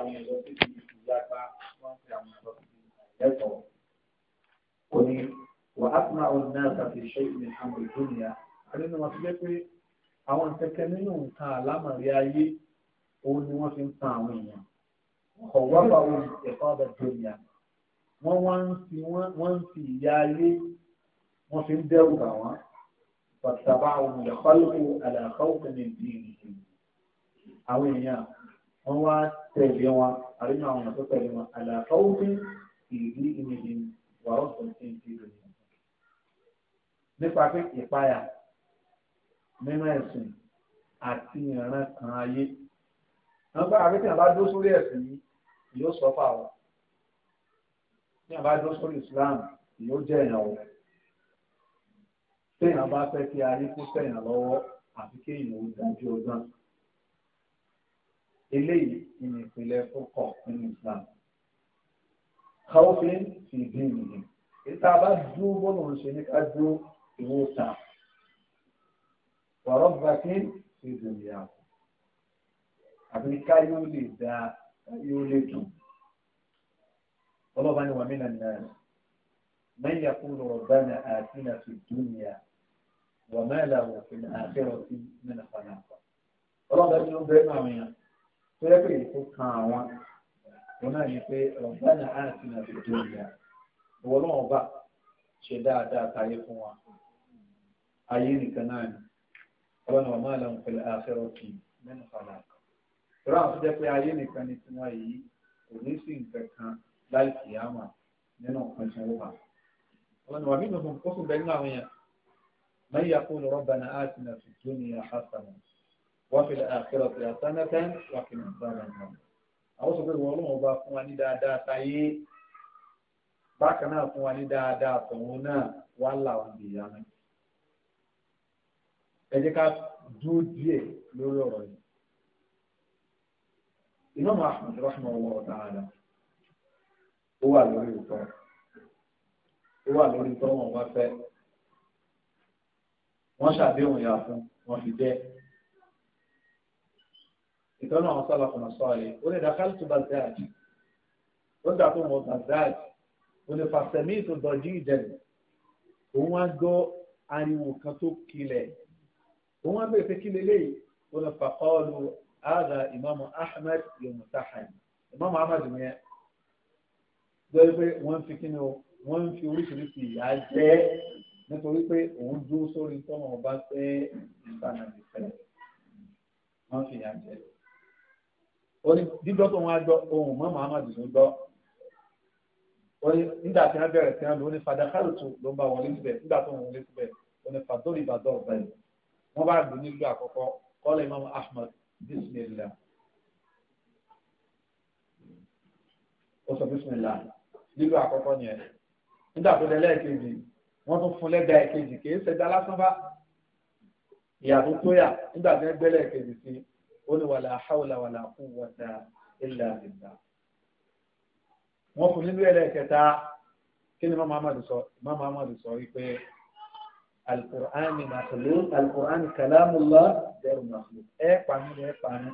àwọn èèyàn lọ sí ibi ìyá àgbà wọ́n ti àwọn èèyàn lọ sí ibi ẹ̀tọ́. ó ní wà á tún àwọn náà tàbí ṣe ìmì àwọn ìdúnìyà àdínú wọn ti jẹ́ pé àwọn kẹ̀kẹ́ nínú nǹkan àlámọ̀rí ayé òun ni wọ́n fi ń tan àwọn èèyàn. ọ̀wọ́ bá wọn ẹ̀kọ́ ọ̀bẹ dúnìyà wọ́n wọ́n ń fi ìyá ayé wọ́n fi ń dẹ́rù bà wọ́n. فاتبعهم الخلق على خوف من دينهم. أو يعني wọ́n wá tẹ̀lé wọn àríyàn àwọn ọ̀nà tó tẹ̀lé wọn àlàfo òfin ìrírí ìmìlì wà ó sọ sí ti rẹ̀. nípa pé ìpayà nínú ẹ̀sìn àti ìran kan ayé wọ́n gbá àríkàn bá dó sórí ẹ̀sìn yìí yóò sọ fà wọ́n tí a bá dúró sórí Islam yóò jẹ́ èèyàn wọ̀ a bá fẹ́ kí ayé kó sẹ́yìn lọ́wọ́ àfi kéèyàn ó dájú ọgbọ́n eléyìí ni ìpìlẹ̀ fúkọ̀ nínú Islam kawofin fi dín nìyí ìta bá dúró bọ́ọ̀lù ń ṣe ní ká dúró ìwé ìtàn wàrọ̀ bàkí fi dùn yà àbí ká yóò lè dá ká yóò lè dùn ọlọ́ba ni wà mí nàní náà mẹ́yìn àkúrò ọ̀gá ni àti nàfi dùn yà wà mẹ́lẹ̀ àwòfin àti ọ̀sìn mẹ́nà fanáfà ọlọ́ba ni ó bẹ́ẹ̀ náà wọ̀nyàn tó yẹ pé ètò kan àwọn òun náà ni pé ọ̀gbẹ́ni àti nàbì tó yà ìwọ lọ́wọ́ bá ṣe dáadáa táyé fún wa ayé nìkan náà ni ọlọ́nà ọmọ àlọ́ pẹ̀lú àfẹ́rọ̀ kì í mẹ́nu fàlà kan àwọn tó jẹ́ pé ayé nìkan ni tiwọn yìí kò ní sí nǹkan kan láì kì í àmà nínú nǹkan tí wọ́n wà ọlọ́nà wà nínú kó fún bẹ́ẹ̀ nínú àwọn yẹn mẹ́yà kó lọ́rọ́ bá náà àti nàbì tó yà á sàmùsù. وفي الآخرة حسنة وقنا عذاب النار àwọn sọ pé ìwọ ọlọ́run ọba fún wa ní dáadáa táyé bákan náà fún wa ní dáadáa tọ̀hún náà wà láwọn ìyá ẹ jẹ́ ká dúró díẹ̀ lórí ọ̀rọ̀ yìí iná máa fún ìrọ́ṣùn ọwọ́ ọ̀tá ara ó wà lórí ìtọ́ ó wà lórí ìtọ́ wọn wá fẹ́ wọ́n ṣàdéhùn ìyá fún wọn fi jẹ́ ìtọ́nà àwọn sọ́lá kùnà sọ́ọ̀lẹ̀ ó ní dàkàlù tó Baghdad ó dà tó mọ̀ Baghdad ó ní fàṣẹmí tó dọ̀jú ìjẹ̀lẹ̀ òun wá gbọ́ ariwo kan tó kilẹ̀ òun wá bẹ̀rẹ̀ pé kí lélẹ́yìí ó ní fàkọ́ọ̀lù àgà ìmáàmù Ahmed yomusahan ìmáàmù Ahmed yẹn lórí pé wọ́n fi kí o wọ́n fi oríṣiríṣi ìyá jẹ́ nítorí pé òun dúró sórí tọ́mọ̀ ọba pé ìsànà ìfẹ́ wọ́n fi ìyá jẹ́ lọ ó ní dídọ́ tó wọn gbọ́ ohun mọ́ Muhammadu ló gbọ́ ó ní nígbà tí wọ́n bẹ̀rẹ̀ sí wọn lò ó ní fàdákàrò tó ló ń bá wọlé síbẹ̀ nígbà tó wọn wọlé síbẹ̀ ó ní fàdórì ìbàdàn ọ̀bẹ wọn bá lò nílùú àkọ́kọ́ kọ́lẹ̀ Imam Ahmad bismillah ó sọ bismillah nílùú àkọ́kọ́ yẹn nígbà tó lẹ́lẹ́ kejì wọ́n tún fún lẹ́gà kejì kì í ṣẹ̀dá lásán bá ìyàtọ̀ tó yà nígbà tí wọ́n gbẹ́lẹ̀ kejì sí i ó ní wàlà hawla wàlà quwwata illa billah. wọ́n fún nínú ẹlẹ́kẹta kí ni mama amadu sọ mama amadu sọ wípé alukur'ani makhluq alukur'ani kalamullah dẹrù makhluq ẹ pàmì ẹ pàmì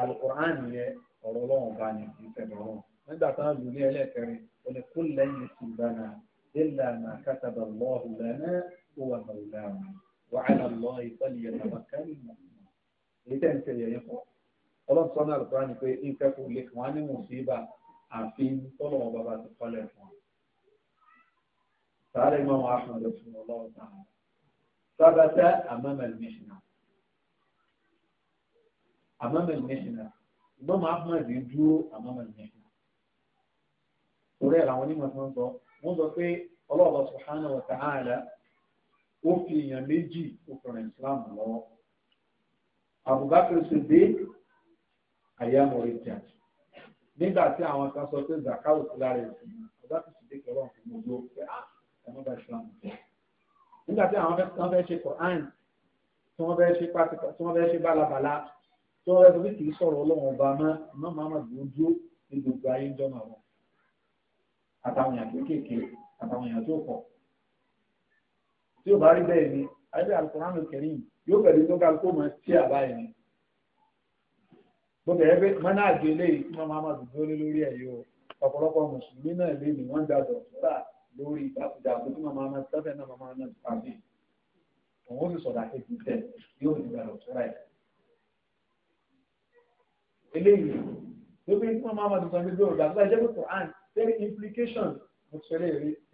alukur'ani yẹ ọ̀rọ̀ ọlọ́run bá ní ìfẹ̀dọ̀ ọ̀run nígbà tán lù ní ẹlẹ́kẹrin ó ní kul lan yusibana illa ma kataba Allahu lana huwa mawlana wa ala Allahi falyatawakkalil mu'minun èyí tẹ̀ ń tẹ̀lé ẹ̀yẹ fún ọlọ́run sọ́nà àlùkò ni pé nǹkan kò lè fún wa ní mùsíbà àfi tọ́lọ̀ wọn bàbá ti kọ́lẹ̀ fún wa. sàálẹ̀ máa wà fún ọlọ́run fún ọlọ́run náà sábàtà àmàmẹ́lì mẹ́ṣinà àmàmẹ́lì mẹ́ṣinà ìgbọ́n máa fún ẹ̀dín dúró àmàmẹ́lì mẹ́ṣinà. torí ẹ̀ làwọn onímọ̀ tó ń sọ wọ́n sọ pé ọlọ́run subhanahu wa ta'ala ó fi èèyàn méjì ó fẹ́ràn ìsìlámù lọ́wọ́. Abubakar Siddiq àyàmọ̀ ìjà nígbà tí àwọn kan sọ pé zakawo ti lára ẹ̀sìn Abubakar Siddiq kẹwàá fún mi ló pé ah, á ẹ̀mọ́ bá Islam nígbà tí àwọn kan fẹ́ ṣe Quran tí wọ́n fẹ́ ṣe pátíkọ̀ tí wọ́n fẹ́ ṣe bálabàla tí wọ́n fẹ́ sọ pé kì í sọ̀rọ̀ ọlọ́run ọba mọ́ iná Muhammad ló dúró ní gbogbo ayé ń jọ́nà wọn àtàwọn èèyàn kéékèèké àtàwọn èèyàn tó pọ̀ tí ò bá rí bẹ́ẹ̀ ni ayé Al-Quran Al-Karim yìí yóò bẹ̀rẹ̀ tó ká kó máa tí àbá yẹn bó bẹ̀rẹ̀ pé mọ́nà àjò eléyìí tí wọ́n máa máa dùn lórí lórí ẹ̀ yóò ọ̀pọ̀lọpọ̀ mùsùlùmí náà lé ní wọ́n dá dọ̀ sọ́dà lórí ìdákùjà àbó tí màmá máa tẹ́fẹ̀ náà màmá náà ti pàdé òun ó sì sọ̀dà kejì tẹ̀ yóò ní dá dọ̀ sọ́dà eléyìí ló bí tí màmá máa tuntun gbígbé òrùka tó ẹjẹ́ pé Quran tẹ́lẹ̀ implication mo ti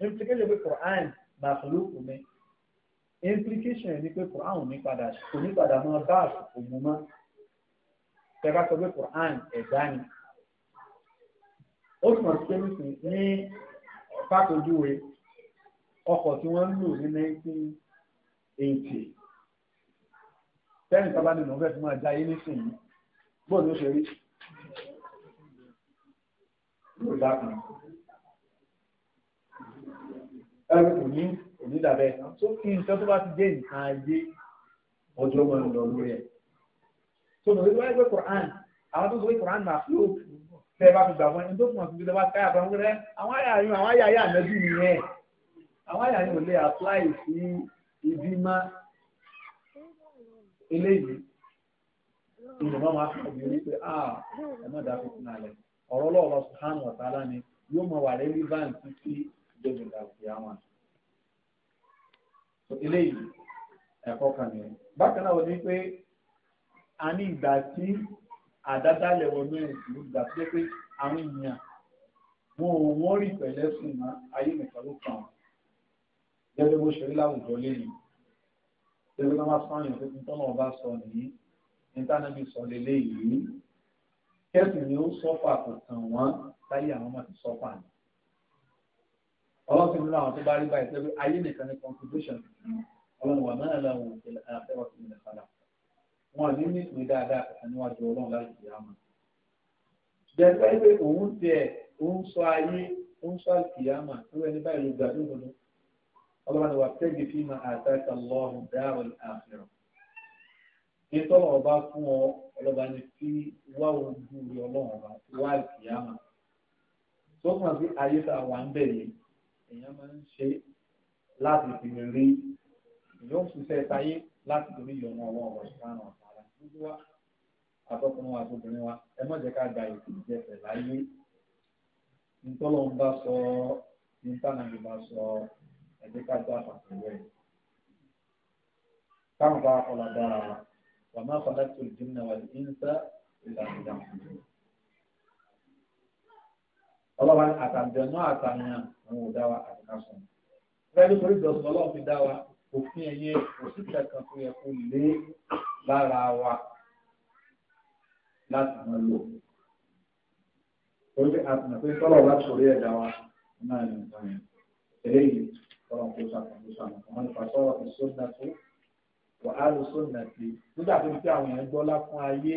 implication pé Quran màkàlùkù mi implication ni pé Quran ò ní padà kò ní padà máa bá àsìkò mu mọ́ tẹ́ka sọ pé Quran ẹ̀dá ni ó túmọ̀ sí pé nísìn ní fàkójúwe ọkọ̀ tí wọ́n ń lò ní 1980 tẹ́yìn sábà nínú fẹ́ẹ́ fi máa já yé nísìnyí bóòlù ó ṣe rí yóò dákun ẹ̀rù kò ní onídàbẹ̀ tó kí nǹkan tó bá ti jẹ́ nǹkan ayé ọjọ́ máa ń lọ lórí ẹ̀. tó mọ̀ wípé wáyé pé Quran àwọn tó sọ pé Quran máa fi òkú tẹ́ ẹ bá fi gbà wọn ẹni tó fún ọ̀sìn ìjọba káyà fún ọmọdé àwọn àyà yín àwọn àyà yà mẹ́bí nìyẹn àwọn àyà yín ò lè apply sí ibi má eléyìí ìjọba máa fi ọ̀gbìn wípé ah ẹ má dá fífún alẹ́ ọ̀rọ̀ lọ́wọ́ subhanahu wa ta'ala ni yóò máa wà relevant sí ìjọba ìdàgbé eléyìí ẹ̀kọ́ kan nìyẹn bákan náà wọ́n ní pé a ní ìgbà tí àdádálẹ̀ wọnú ẹ̀sìn ìgbà tó jẹ́ pé àwọn èèyàn wọn ò wọ́n rí pẹ̀lẹ́ sùn mọ́ ayé nìkan ló kàn án gẹ́gẹ́ bó ṣe rí láwùjọ lẹ́yìn gẹ́gẹ́ bá máa sọ àyàn pé tuntun náà bá sọ nìyí ìtànàbí sọ lélẹ́yìí kẹ́sìn ni ó sọ́fà kò kàn wọ́n táyé àwọn máa ti sọ́fà ni ọlọ́sìn nínú àwọn tó bá rí báyìí pé ayé nìkan ní contribution ọlọ́run wà náà làwọn òkè àfẹ́wọ̀ sí ilẹ̀ padà wọn ní ní ìpè dáadáa kàkà níwájú ọlọ́run láti ìyá wọn. jẹ́pẹ́ pé òun tiẹ̀ òun sọ ayé òun sọ àkìyàmà tó ẹni báyìí ló gbàdúrà gbọdọ ọlọ́run wà tẹ́gì fi máa àtàkà lọ́rùn dáhùn àfẹ́rọ̀ kí tọ́lọ̀ fún ọ tó kàn sí ayé tá a wà ń bẹ̀ yìí èèyàn máa ń ṣe láti fi rí yóò ṣiṣẹ́ táyé láti torí ìyọ̀nà ọwọ́ ọ̀rọ̀ ìfarahàn ọ̀tara gbogbo wa àtọkùnrin wa àtọkùnrin wa ẹ má jẹ́ ká gba ètò ìjẹsẹ̀ láyé ntọ́lọ́ ń bá sọ nítànàbí bá sọ ẹ jẹ́ ká já pàtàkì rẹ̀ káwọn bá kọlà dára wa wàmà kọlà tó jìnnà wà ní ìnsa ìlànà ìdàkùn ọlọ́wà àtàjọ̀nà àtàyàn àwọn òdá wa àti kásán. Bẹ́ẹ̀ni torí ìjọsìn ọlọ́run fi dá wa òfin ẹ̀yẹ òsìkà kan tó yẹ kó lé lára wa láti máa lò. Orí àtàyàn pé tọ́lọ̀ wá sórí ẹ̀dá wa náà ní nǹkan yẹn. Eléyìí tọ́lọ̀ kó sàkóso sàmùkọ́ wọn nípa sọ́wọ́ ìsọ́nà tó wà á tí nígbà tó ń pẹ́ àwọn yẹn gbọ́lá fún ayé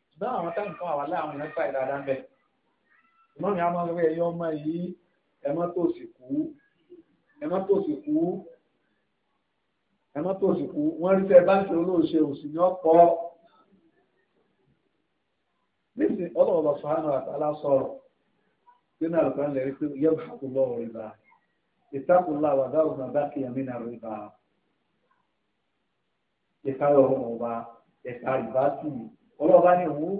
ṣùgbọ́n àwọn táwọn awa wà láwọn èèyàn gbà ìdáadáa ń bẹ̀. ìmọ̀ mi á máa ń rí ẹyọ ọmọ yìí ẹ má tó sì kú ẹ tó sì kú wọ́n rí sẹ́ báńkì olóòṣè òsì ọ̀pọ̀ nísìn ọlọ́ọ̀lọ́ sọ̀hánà àtàlà sọ̀rọ̀ sínú àlùkò ńlẹ̀ rí pé yẹ́n bá kú lọ́wọ́ rìbá ìtakùnlá wàdà ògùn àbákì yẹmí nà rìbá ọlọ́ọ̀bá ní òun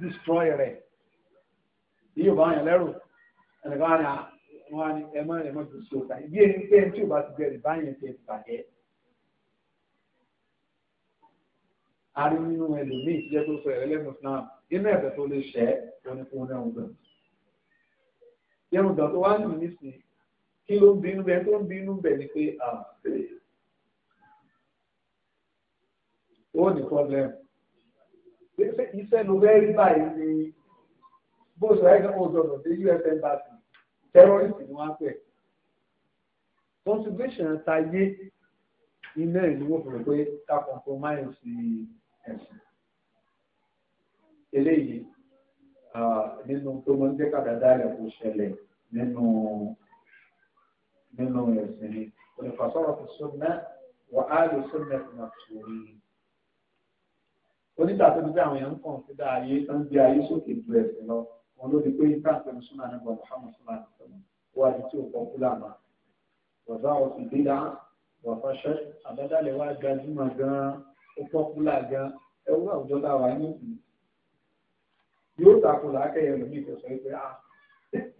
destroy rẹ̀ yíò bá yàn lẹ́rù ẹnìkan á ní wọn á ní ẹmọ ẹmọ tó so ta bí ẹni pé ẹni tí ò bá ti bẹ̀rẹ̀ báyẹn ti bàjẹ́. a rí nínú ẹlòmíì tí jẹ́ tó sọ ẹ̀rẹ́lẹ́nu náà inú ẹ̀fẹ̀ tó lè ṣẹ́ onífún náà ń bẹ̀rù. yẹ́nu ìgbà tó wá nù nísìnyí kí ló ń bínú bẹ́ẹ̀ tó ń bínú bẹ́ẹ̀ ni pé ó ní problem iṣẹ́ ló fẹ́ rí báyìí ni bó sọ ẹ́ kẹ́kọ̀ọ́ sọ̀rọ̀ sí us embassy terrorist ni wọ́n á pẹ̀. constitution ta yé iná ìlú wò fún pé ká compromise sí ẹ̀sìn. eléyìí nínú tó mọ jẹ́ kàdàdà rẹ̀ kò ṣẹlẹ̀ nínú nínú ẹ̀sìn ni olùfàsọ̀rọ̀ fi sunna wà á fún àtúnyìn onígbà tó ti pé àwọn èèyàn ń kàn sí dá ayé tó ń gbé ayé sókè ju ẹ̀sìn lọ wọn ló di pé ìtàn pẹ̀lú súnà nígbà Muhammad súnà nìkan wà ní tí ò kọ́ fúlàmà wàzà òsì dídá wàfàṣẹ àbádálẹ̀ wà gbajúmọ̀ gan ó pọ́ fúlà gan ẹwú àwùjọ dáwà inú sí yóò takò lákẹ́yẹ lómi kò sọ pé ah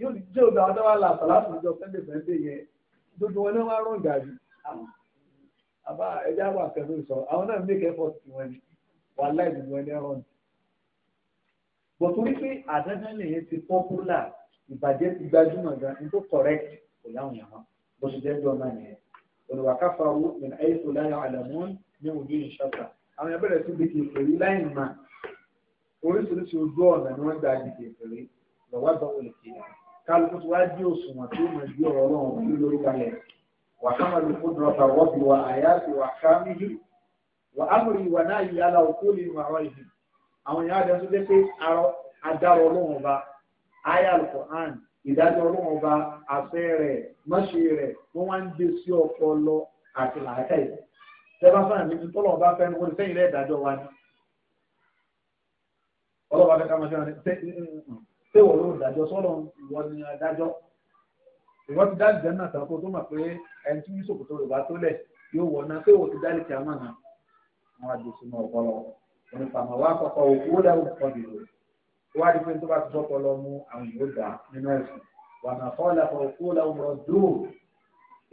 yóò di jẹ́ òdà ọ̀dọ́ wa là sàlásì níjọ sẹ́ndẹ̀ sẹ́ndẹ̀ yẹn gbogbo wọn náà wá rọ̀ gàdí àbá ẹja wà pẹ̀lú ìsọ wà láì gbogbo ẹni ẹ̀rọ ni. bọ̀ torí pé àdáńdá lèyẹn ti pọ́pùlà ìbàjẹ́ ti gbajúmọ̀ gan ní tó correct kò láwọn yàn án bó ṣe dẹ́jọ́ náà nìyẹn. olùwàká faru min aisu láyọ̀ àlàmún ní ojú ìṣàkà àwọn yẹn bẹ̀rẹ̀ sí bí kì í pèrè láì mà oríṣiríṣi ojú ọ̀nà ni wọ́n gba àgbègbè pèrè lọ́wọ́ àgbà wọlé kì í kálukú tí wàá di òṣùwọ̀n tí ó mọ̀ ju ọ̀rọ̀ náà lórí balẹ̀ wàhámà lóko dùrọ̀tà wọ́pì wà ámúrí wà náà yìí yálà òkú lè mọ àwọn ìdí àwọn èèyàn àdá tó dé pé adarọ ọlọ́run ọba ayé alukur'an ìdájọ́ ọlọ́run ọba àfẹ́ rẹ̀ mọ́ṣe rẹ̀ wọ́n wá ń gbé sí ọpọlọ àti làákàyè tẹ́lá sáà ní ní tọ́lọ̀ ọba fẹ́ẹ́ wọ́n sẹ́yìn rẹ̀ ìdájọ́ wa ni ọlọ́ba fẹ́ ká máa wọn ṣé wọ́n ló dájọ́ sọ́lọ́ wọn á gbèsè mọ ọpọlọ onípa àwọn wa kọ́kọ́ owó lẹwọ kọ dìbò wọ́n á di pé tó bá ti dọ́pọ̀ lọ mú àwọn yóò dá nínú ẹ̀sìn wà náà kọ́ lẹ́kọ̀ọ́ owó lẹwọ rọ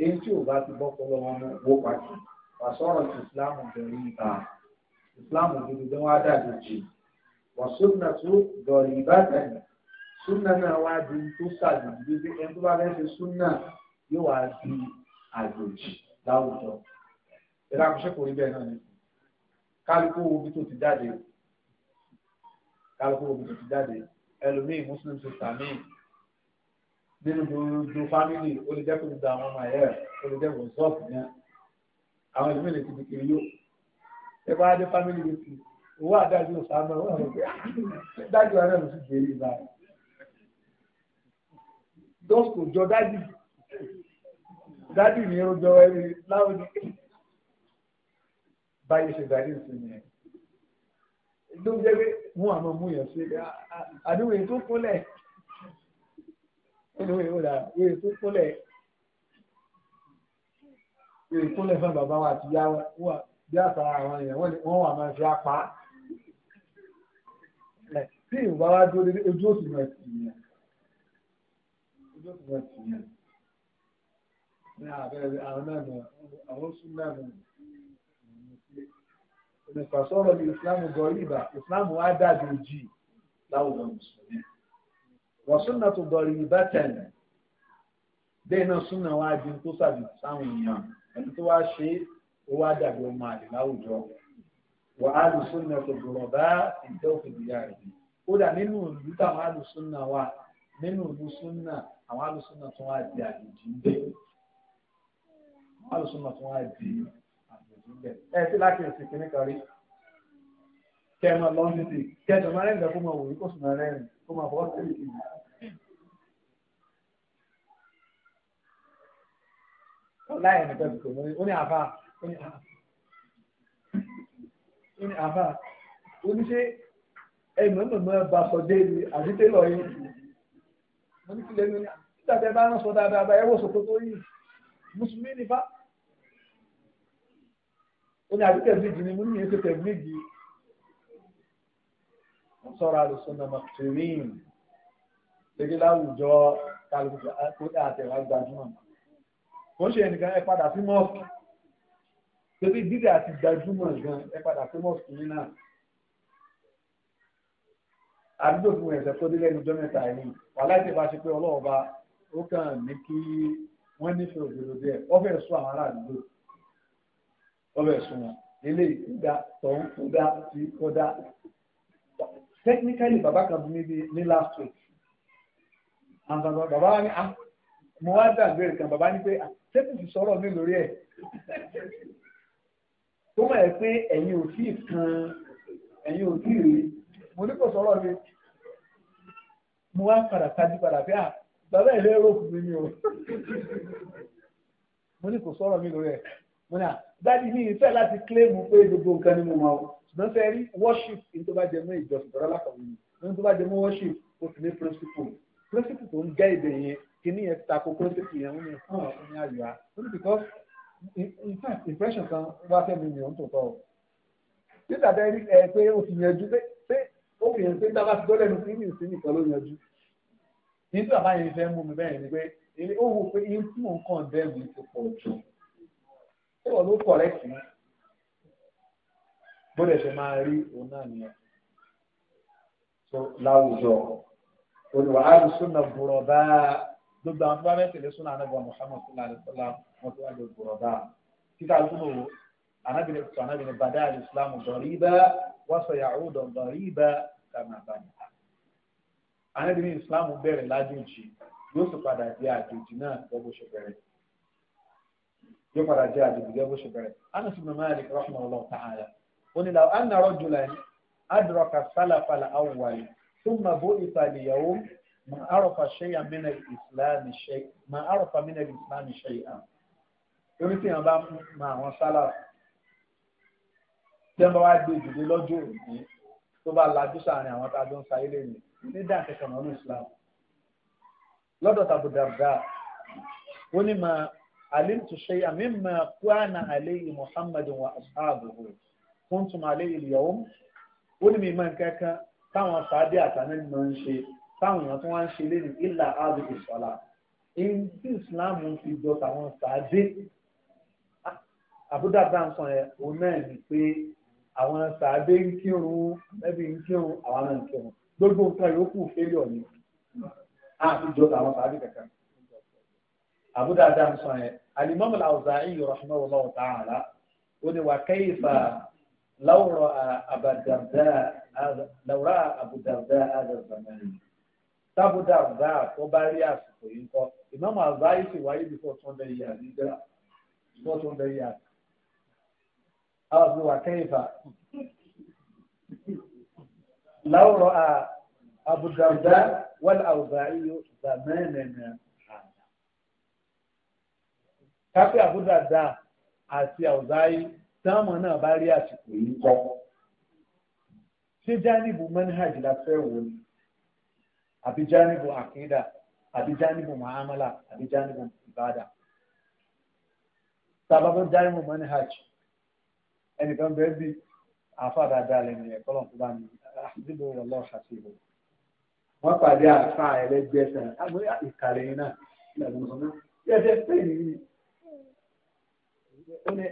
èyí tí ò bá ti bọ́pọ̀ lọ wọn mú owó pàtó wà sọ̀rọ̀ ti islam bẹ̀rù ìgbà islam òdodo tó wá dà lójì wà súnà tó dọ̀rì ìbátan súnà náà wá di tó sàdùn bí ẹni tó bá fẹ́ ṣe súnà yóò wá di àjòjì láwùjọ ìlànà ìṣẹ́kọ̀ọ́ ibẹ̀ náà ni kálukú omi tó ti jáde kálukú omi tó ti jáde ẹlòmíì muslim sista míì nínú gbogbo fámìlì ó lè jẹ́ kó ti da àwọn ọmọ ẹ̀yẹ ó lè jẹ́ kó zọ́ọ̀fù yẹn àwọn ẹlòmíì lè ti di kiri yó ẹ bá dé fámìlì yìí kì owó àdájú òsánà owó àwọn ọ̀gbẹ́ ah, dájú ara ló ti gbèrè ìgbà rẹ̀ dọ́sùkò jọ dájú dájú ní irun jọ ẹni láwọn ní báyìí ṣe darí ìsìn yẹn ló ń jẹ́ pé mú àwọn ọmọ yẹn sí ah, ah, àdúgbò ètò kúnlẹ̀ nínú ìwé ìwòlà ìwé ètò kúnlẹ̀ ìwé ìkúnlẹ̀ fún bàbá wa àti ìyá wa bí àtàrà àwọn èèyàn wọ́n wà máa fi apá tí ìwà wa dúró lórí ojú òsì náà tì yẹn ojú òsì náà tì yẹn ní àbẹ̀rẹ̀ àwọn náà nù àwọn sùn náà nù olùfàsọ̀rọ̀ ní ìsìláàmù gọ̀ọ́lìbà ìsìláàmù wa dàbí òjì láwùjọ mùsùlùmí wọ́n súnà tó dọ̀rì ìbá tẹ̀lẹ̀ bẹ́ẹ̀ náà súnà wa di tó sàbí sáwọn èèyàn ẹni tó wá ṣe ó wá dàbí ọmọ àlè láwùjọ wọ́n á lù súnà tó dọ̀rọ̀ bá ìjọ òfìdíyà rẹ̀ kódà nínú ìlú táwọn á lù súnà wa nínú ìlú súnà àwọn á lù súnà tó wá di àjèjì ń bẹ́ẹ̀ àwọn á lù súnà tó di ẹ sí láti èsì kìíní kan rí kẹ ẹ máa lọ sí ti kẹ ẹ tó máa rẹ́rìn kó máa wòye kó sì máa rẹ́rìn kó máa fọwọ́ sí ìlú. láyé nìkan ti tòun ó ní àfa ó ní àfa ó ní àfa ó ní ṣe ẹ mọ̀mọ́mọ́ bá sọ déèlì àti tẹ́lọ̀ yìí mo ní kí lẹ́nu ní àti tàbí ẹ bá ń sọ dáadáa ẹ wò sọ tó tó yìí mùsùlùmí nípa ó ní àdúgbò ẹ̀mí ìdìní mú ní èsì tẹ̀mí ìdí wọ́n sọ̀rọ̀ àlùsọ̀nà mọ̀tòrín lédè láwùjọ kálukú ah, àtẹ̀wá gbajúmọ̀ wọ́n ṣe ẹnìkan ẹ padà sí mọ́ọ̀kì torí dídè àti gbajúmọ̀ gan ẹ padà sí mọ́ọ̀kì yín náà àdúgbò fún ẹ̀sẹ̀ tó dé lẹ́nu ọjọ́ mẹ́ta yìí wà láti bá ṣe pé ọlọ́ọ̀ba ó kàn ní kí wọ́n nífẹ̀ẹ́ òdòdó díẹ̀ wọ́n sọ àwọn ará àdúgbò ọbẹ̀ sùnwọ̀n ilé ìkúdá tọ̀hún kúdá tí kúdá. technically bàbá kan bí níbi ní last week and bàbá wa ní à ah, mo wá dàgbé kan bàbá ní pé tẹ́kùn ah, ti sọ̀rọ̀ mi lórí ẹ̀ tó mọ̀ ẹ́ pé ẹ̀yin ò tíì kan ẹ̀yin ò tíì rí mo ní kò sọ̀rọ̀ mi mo wá padà tajú padà bí à ah, bàbá ẹ̀ lérò fún mi ni o mo ní kò sọ̀rọ̀ mi lórí ẹ̀ mo ní à dájú ní ìfẹ́ láti kílẹ̀mù pé gbogbo nǹkan ni mo máa wọ ṣùgbọ́n fẹ́ rí worship ní tó bá jẹ mọ́ ìjọsìn tọ́lá lákàwé ni ní tó bá jẹ mọ́ worship ó ti ní principle principle tó ń gá ìdè yẹn kìíní yẹn tako principle yẹn wọ́n yẹn fún àwọn ọmọ àyà only because in fact impression kan wá fẹ́mi mi ò ń tòótọ́ o títà bẹ́ẹ̀ rí ẹ pé o ti yanjú pé pé ó fi hàn pé dábàá ti dọ́lẹ́nu sí ní ìsinmi kan ló yanjú nítorí àbáyẹn fẹ́ mú mi bẹ́ẹ̀ ni pé ó wù pé ihun tí mò ń kàn dẹ́rù ti pọ̀ jù tí wọ́n ló kọ̀rẹ́tì ní bóde ṣe máa rí òun náà nìyẹn tó láwùjọ olùwà alùsùnà bùrọ̀dá gbogbo àwọn tó bá bẹ́ẹ̀ tẹ̀lé súnà anábọ̀ Muhammad sallallahu alaihi wasallam wọn tó wà lè bùrọ̀dá títà súnà wo anábìrin tó anábìrin bàdá alìsílámù dọ̀ríbà wọ́n sọ yàrá òdò dọ̀ríbà kàmá bàmí. anábìrin ìsìlámù bẹ̀rẹ̀ lájòjì yóò sì padà di àjòjì náà lọ́gbọ́sọ̀ bẹ̀rẹ̀ yóò padà jẹ́ àjèjì gẹ́gẹ́ bó ṣe bẹ̀rẹ̀ Anas ibn Malik rahimahullah ta'ala ó ní law anna rajulan adraka sálàfà al-awwal thumma bu'itha li-yawm ma arafa shay'an min al-islam shay'an ma arafa min al-islam shay'an orí tí wọn bá ma àwọn sálàfà tí wọn bá wá gbé ìdílé lọ́jọ́ òní tó bá lajú sáàrin àwọn tá a jọ ń sayé lẹ́yìn ní dáǹkẹ́kẹ́ mọ́nú islam lọ́dọ̀ tàbí dàbdà ó علمت شيئا مما كان عليه محمد وأصحابه كنتم عليه اليوم ولم يمن كاكا táwọn sáadé àtàná ni wọ́n ń ṣe táwọn èèyàn tó wá ń ṣe lé ní ilà áàbì ìṣọlá ẹni tí islam fi jọ táwọn sáadé àbúdá dáńsán yẹn òun náà ni pé àwọn sáadé ń kírun ẹbí ń kírun àwọn náà ń kírun gbogbo nǹkan yòókù fẹlẹ ọ̀nì àti jọ táwọn sáadé kankan. أبو دعاء مسوي الإمام الأوزاعي رحمه الله تعالى ودي وكيف لو رأى أبو الدرداء لو رأى أبو الدرداء هذا الزمان تابو الدرداء وباري أسفو إنكو إمام الأوزاعي في وعيد فوتون دريان فوتون دريان أبو وكيف لو رأى أبو الدرداء والأوزاعي زمانا káfí àbúdàdà àti àwùzáyé táwọn náà bá rí àsìkò yìí kọ́ ṣé jánìbù manhaj la fẹ́ wò ni àbí jánìbù àkídà àbí jánìbù muamala àbí jánìbù ìbádà tàbá fẹ́ jánìbù manhaj ẹnìkan bẹ́ẹ̀ bí àfa dáadáa lẹ́nu ẹ̀ kọ́lọ̀ fún bá mi àdìbò ọlọ́ọ̀ ṣàṣìbò wọ́n pàdé àfa ẹlẹ́gbẹ́sẹ̀ àgbẹ̀ ìkàlẹ̀ yìí náà ìlànà ìsọ̀nà yẹ́sẹ̀ ó ní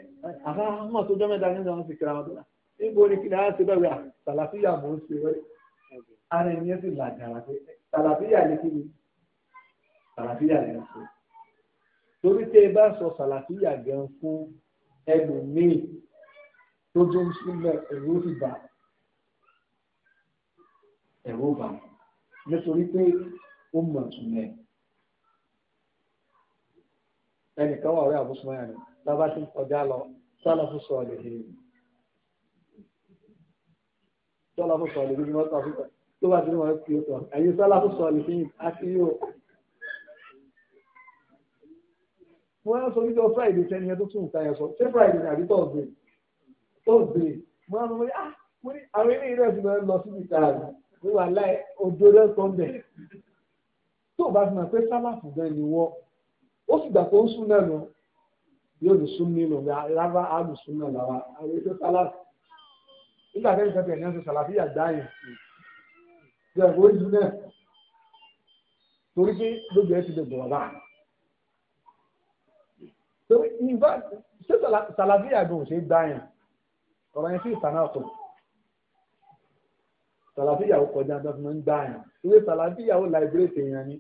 àbá mọ̀ tó jọ́ mẹ́ta nínú àwọn ti kíra wọn tó náà níbo ni kíni àá ṣe bẹ́ẹ̀ wíwá sàlàfíà mò ń ṣe wẹ́rẹ́ ara ẹni yẹn sì làgàrà pé sàlàfíà ni kíni sàlàfíà ni ń ṣe torí tẹ́ ẹ bá sọ sàlàfíà gan fún ẹlòmíì tó jọ ń súnmọ́ ẹ̀rọ ti bà ẹ̀rọ nítorí pé ó mọ̀ tún mẹ́ ẹnìkan wà ọ̀rẹ́ àbúṣe mọ́yà bàbá ti ń kọjá lọ sálàfù sọ̀lẹ̀ yìí sálàfù sọ̀lẹ̀ yìí mọ́tò àfíkà tó bá ti ní wọn kí o tọ̀ ẹ̀yin sálàfù sọ̀lẹ̀ yìí àti yóò. mo máa ń sọ níjọ friday tẹni ẹ tó tún nǹkan yẹn sọ ṣé friday àbí thursday thursday mo máa ń sọ ah mo ní àwọn eléyìí náà ti máa ń lọ síbi ìta rẹ mo wà láì odò rẹ sọndẹ tó o bá fi hàn pé sálàfù gan ni wọ́n ó sì gbà pé ó ń sún náà lọ yóò lù sún mí lòun rárá á lù sún náà làwà àwọn ètò sálàfì nígbà tẹ́lẹ̀ sẹ́fẹ̀ ní ọ̀sẹ̀ sálàfì àgbá yẹn jẹ́ ìwé ìlú náà torí pé gbogbo ẹ̀ ti dẹ̀ bọ̀rọ̀ báà ṣé sálàfì àgbà ò ṣe gbá yẹn ọ̀rọ̀ yẹn sí ìtàn náà tó sálàfì ìyàwó kọjá tó fi máa ń gbá yẹn ìwé sálàfì ìyàwó láìbírèsì yẹn ni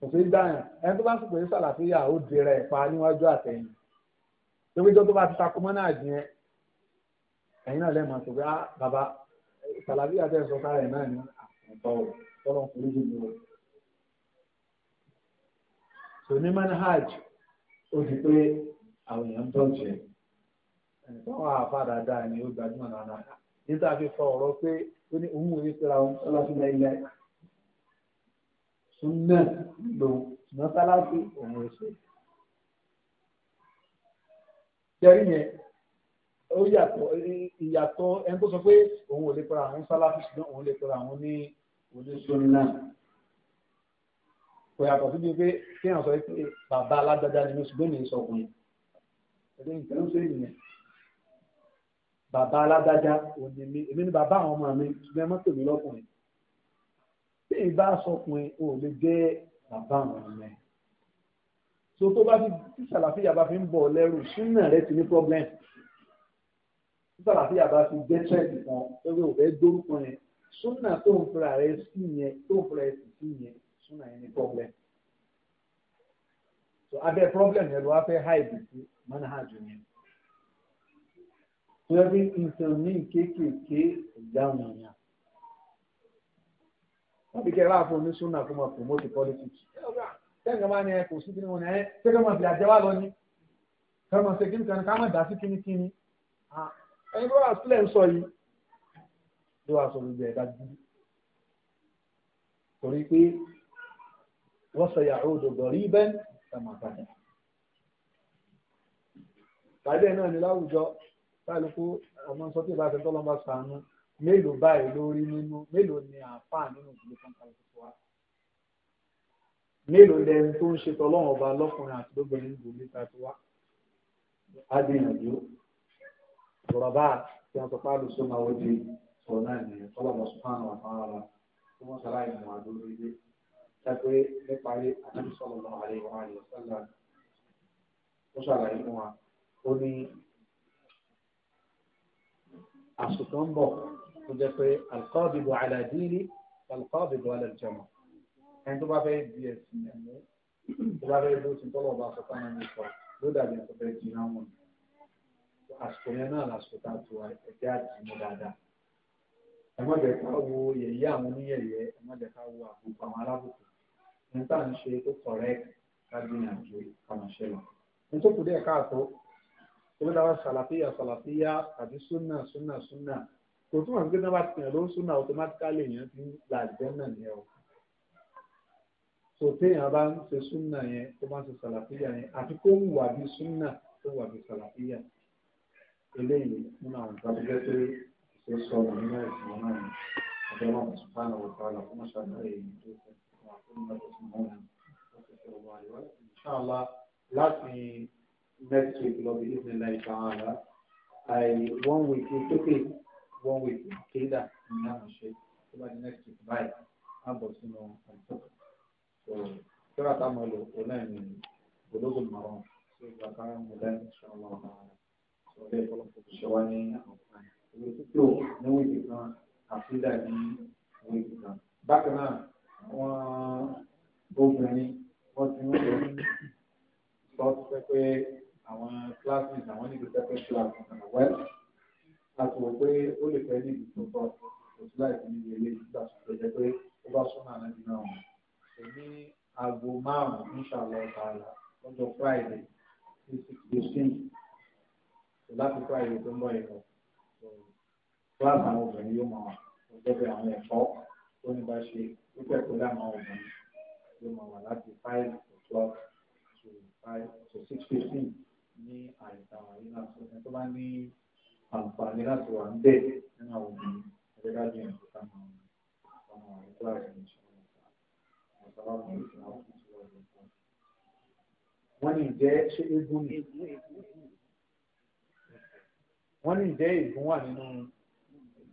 kò sí dáhùn ẹni tó bá sì pé sàlàfíà ó dira ẹ̀ pa níwájú àtẹ̀yìn lókèjọ́ tó bá ti takò mọ́ náà jẹ́ ẹ̀yin náà lẹ́mọ̀ sọ pé á ah, bàbá sàlàfíà tẹ̀ sọ kára ẹ̀ náà ní àtọ̀ tọ́lọ̀ kúrú jù lọ. tò ní manhaj ó di pé àwọn èèyàn ń tọ́jú ẹ̀ ẹni tó wà fà dáadáa ni ó gbajúmọ̀ náà nígbà tí a fi fọ ọ̀rọ̀ pé ó ní òun ò ní pẹ́ra òun sọ́lá sílẹ̀ súnà lò mọ́sálásí òun ẹ̀ṣẹ̀. jẹ́rí yẹn ó yàtọ̀ ìyàtọ̀ ẹni tó sọ pé òun ò lè pera àwọn sáláfì ṣùgbọ́n òun lè pera àwọn ní oníṣúná. kò yàtọ̀ síbi pé kéèyàn sọ pé bàbá alágbádá ni ṣùgbọ́n mi sọkùnrin. ẹ̀rọ ìtẹ́wọ́ sí ìyẹn bàbá alágbádá òun ni mi èmi ni bàbá àwọn ọmọ mi ṣùgbọ́n ẹ mọ́tò mi lọ́kùnrin tí ìbá sọkùnrin ò lè jẹ́ bàbá àwọn ọmọ ẹ̀ so tó bá ti tí sàlàfíà bá fi ń bọ̀ lẹ́rù súnà rẹ ti ní problem tí sàlàfíà bá fi jẹ́ trend kan pẹ̀lú òbẹ́ dórúkọ yẹn súnà tó ń fura rẹ sí yẹn tó ń fura rẹ sì sí yẹn súnà yẹn ní problem so abẹ́ problem yẹn ló wá fẹ́ hide sí manhaj yẹn tó yẹ kí nǹkan míì kéékèèké ìdáhùn yẹn bí kẹ́ ẹ bá fún oníṣúná kó máa promote politics tẹ́ǹkà máa ní ẹ kò sí kíni wọn ẹ tẹ́ǹkà máa fi àjẹwà lọ ní kẹ́ máa ṣe kíni kan ká máa dá sí kíni kíni ẹni bí wàá sílẹ̀ ń sọ yìí ló wàá sọ gbogbo ẹ̀ dájú torí pé wọ́n sọ yàrá odò gọ̀rí bẹ́ẹ̀ tàmà padà tàbí ẹ̀ náà ní láwùjọ táàlùkù àwọn sọ́tì ìbáṣẹ́ tọ́lọ́mọ sànú mélòó báyìí lórí nínú mélòó ni àáfàá nínú ìdílé kankan tó wá mélòó lẹni tó ń ṣe tọlọ́wọ́n ọba lọ́kùnrin àti lóbìnrin ìdílé ta tó wá adìyànjú rọ̀bà tí wọ́n sọ pé àlùsọ máa wọ́n di sọ̀rọ̀ náà nìyẹn tọ́lọ́mọ sùpánù àfáàrà tí wọ́n sara ìmọ̀ àdó lórí dágbé níparí àti sọ̀rọ̀ àlẹ́ ìwọ̀n àlẹ́ sọ́lá tó jẹ́ pé alqabidu ala dini alqabidu ala aljama ẹni tó bá fẹ́ di ẹ̀sìn ẹ̀mú tó bá fẹ́ ló ti tọ́lọ̀ bá sọ fún ẹni sọ ló dàbí ẹ̀kọ́ fẹ́ jí náà wọn àsìkò yẹn náà làsìkò tá a tó ẹ̀jẹ̀ àjùmọ̀ dáadáa ẹ̀mọ́ jẹ́ ká wo yẹ̀yẹ́ àwọn oníyẹ̀yẹ́ ẹ̀mọ́ jẹ́ ká wo àbùkù àwọn alábùkù ní tá à ń ṣe tó correct kágbìyànjú kàmáṣẹ́ lọ. ní tó kù díẹ̀ káàtó tó bí sàlàfíà sàlàfíà tàbí súnà súnà súnà kò túmọ̀ sí pé tí wọ́n bá ti yàn lóṣù náà automatically èèyàn ti ń la àlùjànnà nìyẹn o so téèyàn bá ń ṣe súnà yẹn tó bá ń ṣe sàlàfíà yẹn àti kó ń wà bí súnà tó wà bí sàlàfíà eléyìí nínú àwọn nǹkan tó jẹ́ pé ṣe sọ ọ̀rọ̀ nínú ẹ̀sìn náà ni ọjọ́ náà sùn àwọn ọ̀tá àlọ́ fún ṣàlàyé èyí tó fẹ́ fún ìgbàlódé tó mọ́ wọn ó ti ṣe one way to kéda ní àwọn ṣe tó bá di next week báyìí á bọ̀ sínú àìsàn so kíra tá a máa lò ó náà ní gbólógbò márùn sí ìgbà tá a mú lẹ́yìn ìṣọ̀lá ọ̀la sọ ilé ìfọlọ́fọ́ ṣe wá ní àwọn ìwé títí ò ní wíìkì kan àti ìdá ní wíìkì kan bákan náà wọ́n obìnrin wọ́n ti ń lò ní sọ́ọ́sì pé àwọn classes àwọn níbi pẹ́pẹ́ class wẹ́ẹ̀sì a ti wọ pé ó lè fẹ́ níbi tó bá òtún láìpẹ́ níbi ilé nígbà tó fẹ́ jẹ́ pé ó bá súnmọ́ ànábì náà wọn. èmi aago márùn-ún inshallah ta'ala lọ́jọ́ friday ní six fifteen láti friday tó ń bọ̀ yẹn lọ. class àwọn obìnrin yóò máa ọjọ́ bí àwọn ẹ̀kọ́ tó ní bá ṣe ó fẹ́ pẹ̀lú àwọn obìnrin yóò máa wà láti five to twelve to five to six fifteen ní àìsàn àwọn ilé náà tó bá ní àǹfààní láti wà níbẹ̀ nínú àwọn obìnrin ẹgbẹ́ dájú yẹn tó ká máa ọmọ àwọn kíláàsì ní ìṣòro ọ̀sán ọ̀sán ọ̀sán ọ̀sán ọ̀sán ọ̀sán wọ́n ní ìjẹ́ ṣé eégún ni wọ́n ní ìjẹ́ eégún wà nínú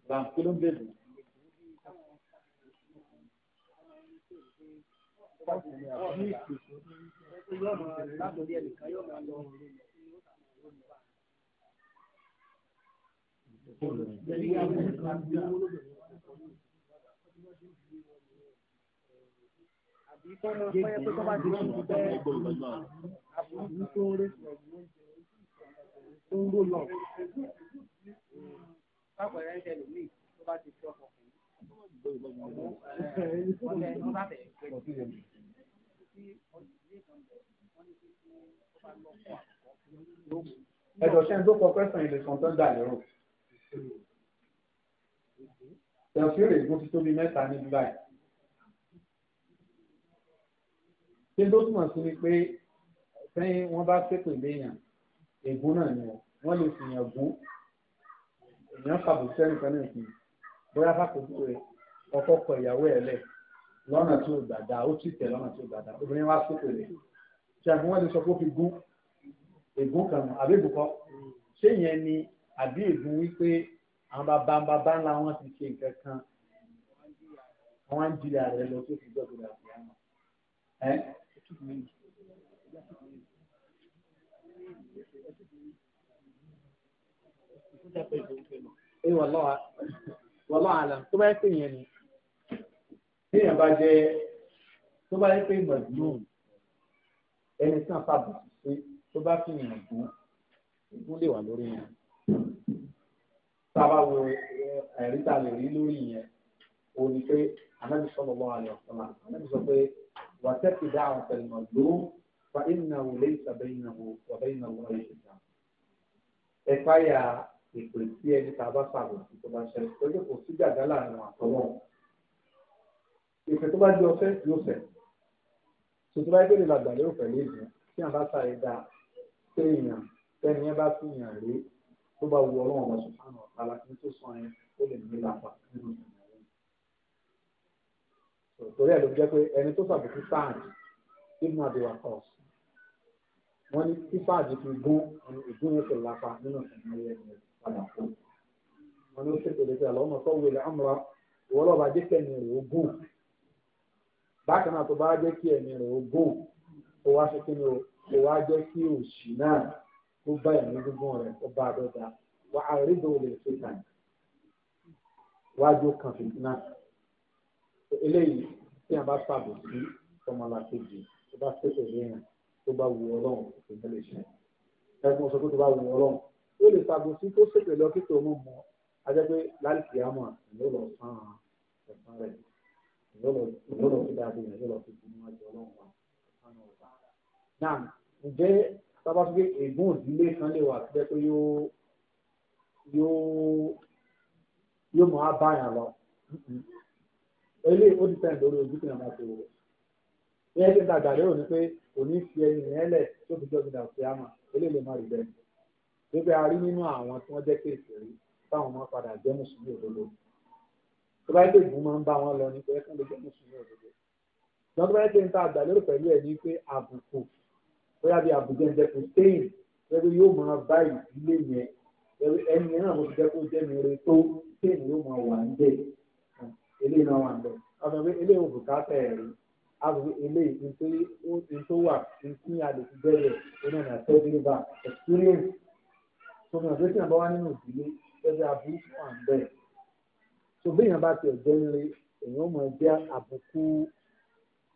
làǹkí ló ń bèbè. Láti àbí tó ń pẹ́ pé tó bá ti ẹ̀dọ̀ ṣẹ́ ń tó pẹ́sàn ilé tó ń dà lérò tẹ̀síìrì tó ti tóbi mẹ́ta ní dubai kí ló túmọ̀ sí ni pé sẹ́yìn wọ́n bá ṣépè léèyàn ègún náà ni wọ́n lè fìyàn gún èèyàn kàbùsẹ́ nìkan náà sí bóyá fàkókò rẹ̀ ọkọ kọ ìyàwó ẹ̀ lẹ̀ lọ́nà tí ó gbàdá ó ti tẹ̀ lọ́nà tí ó gbàdá obìnrin wá ṣépè lẹ̀ ṣe àfihàn lè sọ pé ó fi gún ègún kan àbí ègún ṣé ìyẹn ni àbí ègún wípé àwọn bàbá bàbá ńlá wọn ti ṣe nǹkan kan àwọn ń jìlẹ̀ ààrẹ lọ tó fi gbọ́dọ̀ dàbí àmọ́. ẹ wọ́lọ́ àlà tó bá yẹ pé yẹn ni tí èèyàn bá jẹ tó bá yẹ pé mọ̀dúnrún ẹni tí wọ́n fà bùkún sí tó bá fi yàn gún ìgún lè wà lórí yẹn sábà wo ẹ̀rí tá a lè rí lórí yẹn o ní pé anábì sọ̀rọ̀ lọ́wọ́ àlẹ́ ọ̀sán anábì sọ pé wàtẹ́kì dá àwọn tẹ̀lẹ̀mọ̀ ló fa ìnà wò lè sàbẹ̀ ìnà wò sàbẹ̀ ìnà wò ayé ìjà. ẹ fáyà ìpè sí ẹni tá a bá sàbò sí tó bá ṣẹlẹ̀ lọ́jọ́ kò sí gàgá láàrin àtọwọ́. ìpè tó bá di ọ̀fẹ́ yóò fẹ́ tuntun bá gbé nígbà gbàlẹ́ òfẹ́ lè dùn àbá sàyè dá tó bá wu ọlọ́run ọmọ sùpánù ọ̀tàlá kí n tó sọ yẹn ó lè ní lápá nínú ìsìnkú torí ẹ̀ ló jẹ́ pé ẹni tó sàbùkù sáàdì ibùdó àdìwà kọ̀ wọ́n ní tí sáàdì fi gún ìgún yẹn tó lápá nínú ìsìnkú yẹn padà kú wọ́n ní ó ṣètò lè fi àlọ́ tó wulẹ̀ àmúra ìwọ́lọ́ba jẹ́ kẹ́ni rẹ̀ ó gùn bákan náà tó bá jẹ́ kí ẹ̀mí rẹ̀ ó gùn ó wá ṣe kí ni ó wá jẹ́ kí òṣì náà ó bá ìlú gbogbo rẹ̀ ó bá àdọ́ta wà á rí ìdánwò lè ṣe tàn wájú kan fìtínà eléyìí tí a bá sàbò sí ọmọlàkejì tó bá ṣètò léyìn tó bá wu ọlọ́run ìgbẹ́ lè ṣe ẹgbẹ́ sọ pé tó bá wu ọlọ́run ó lè sàbò sí tó ṣètò lọ kí tó mú mọ́ ajẹ́pẹ́ láìsí ìlú lọ sàn án ẹ̀sán ìlú lọ sí dáadé ìlú lọ sí gbogbo àjọ ọlọ́run wa. Náà ǹjẹ́ sábà sọ pé ègún òdílé kan lè wà pẹ́ pé yóò yóò yóò máa bá yàn lọ eléyìí ó ti tẹ̀lé lórí ojú kìnnìkan tó wọ̀ ẹ̀ ẹ́ ti gbàgbà lérò ni pé òní fi ẹni yẹn lẹ̀ tó fi jọ́ gbìdà sí àmà eléyìí lè má rí bẹ́ẹ̀ gbogbo a rí nínú àwọn tí wọ́n jẹ́ kéèké rí táwọn máa padà jẹ́ mùsùlùmí òdodo tó bá yẹ pé ìgbìmọ̀ máa ń bá wọn lọ ní pé ẹ̀sán lè jẹ́ mùsùlùmí òdodo lọ́dún bá yẹ pé níta lérò pẹ̀lú ẹ̀ ní pé àbùkù bóyá bí àbújá ń dẹkùn stain lẹ́gbẹ́ yóò máa bá ìdílé yẹn lẹ́gbẹ́ ẹni náà mo ti dẹkùn jẹ́mi rẹ tó stain yóò máa wà ń dẹ̀ ilé náà wà ń dẹ̀ ọ̀sán pé ilé òkú ká tẹ̀ rí àbúrò ilé ìpín tó wà ìpín àdètí bẹ̀rẹ̀ iná ní àtẹ́gbẹ́gbà experience tó fi hàn pé tí àbá wà nínú ìdílé lẹ́gbẹ́ àbúrò wà ń bẹ̀ tó bí èèyàn bá ti ọ̀jẹ́ ńlẹ̀ èèyàn mọ̀ jẹ́ àbùkù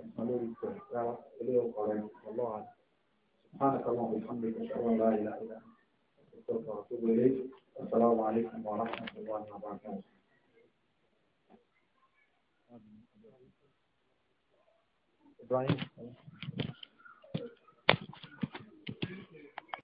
ẹ̀sán lórí ìpè rárá ilé سبحانك اللهم وبحمدك أشهد أن لا إله إلا أنت استغفرك واتوب اليك السلام عليكم ورحمه الله وبركاته Ibrahim.